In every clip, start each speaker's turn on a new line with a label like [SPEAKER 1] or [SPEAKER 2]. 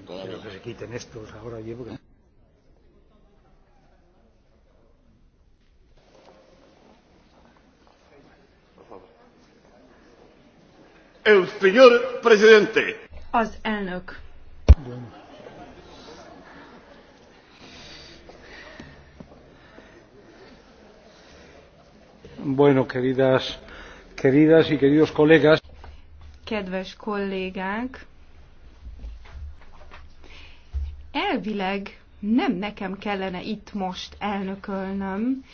[SPEAKER 1] Bueno, quiero que se quiten estos ahora llevo que... El señor presidente.
[SPEAKER 2] Az elnök.
[SPEAKER 1] Bueno. Bueno, queridas, queridas y queridos colegas.
[SPEAKER 2] Kedves kollégák, elvileg nem nekem kellene itt most elnökölnöm,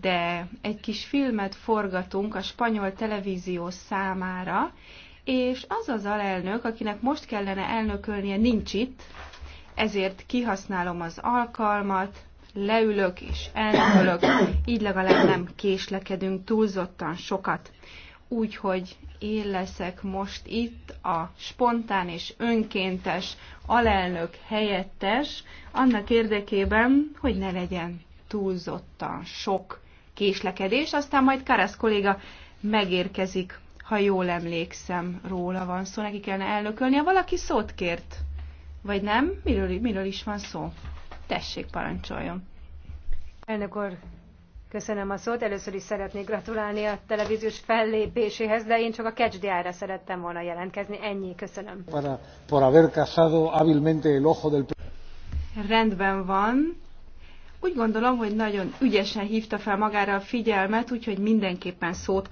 [SPEAKER 2] de egy kis filmet forgatunk a spanyol televízió számára, és az az alelnök, akinek most kellene elnökölnie, nincs itt, ezért kihasználom az alkalmat, leülök és elnökölök, így legalább nem késlekedünk túlzottan sokat úgyhogy én leszek most itt a spontán és önkéntes alelnök helyettes, annak érdekében, hogy ne legyen túlzottan sok késlekedés, aztán majd Karasz kolléga megérkezik, ha jól emlékszem, róla van szó, neki kellene elnökölni. Ha valaki szót kért, vagy nem, miről, miről is van szó? Tessék, parancsoljon.
[SPEAKER 3] Elnök úr, Köszönöm a szót. Először is szeretnék gratulálni a televíziós fellépéséhez, de én csak a kecsdiára szerettem volna jelentkezni. Ennyi, köszönöm.
[SPEAKER 1] Para, por haber casado hábilmente el ojo del...
[SPEAKER 3] Rendben van. Úgy gondolom, hogy nagyon
[SPEAKER 2] ügyesen hívta fel magára a figyelmet, úgyhogy mindenképpen szót kap.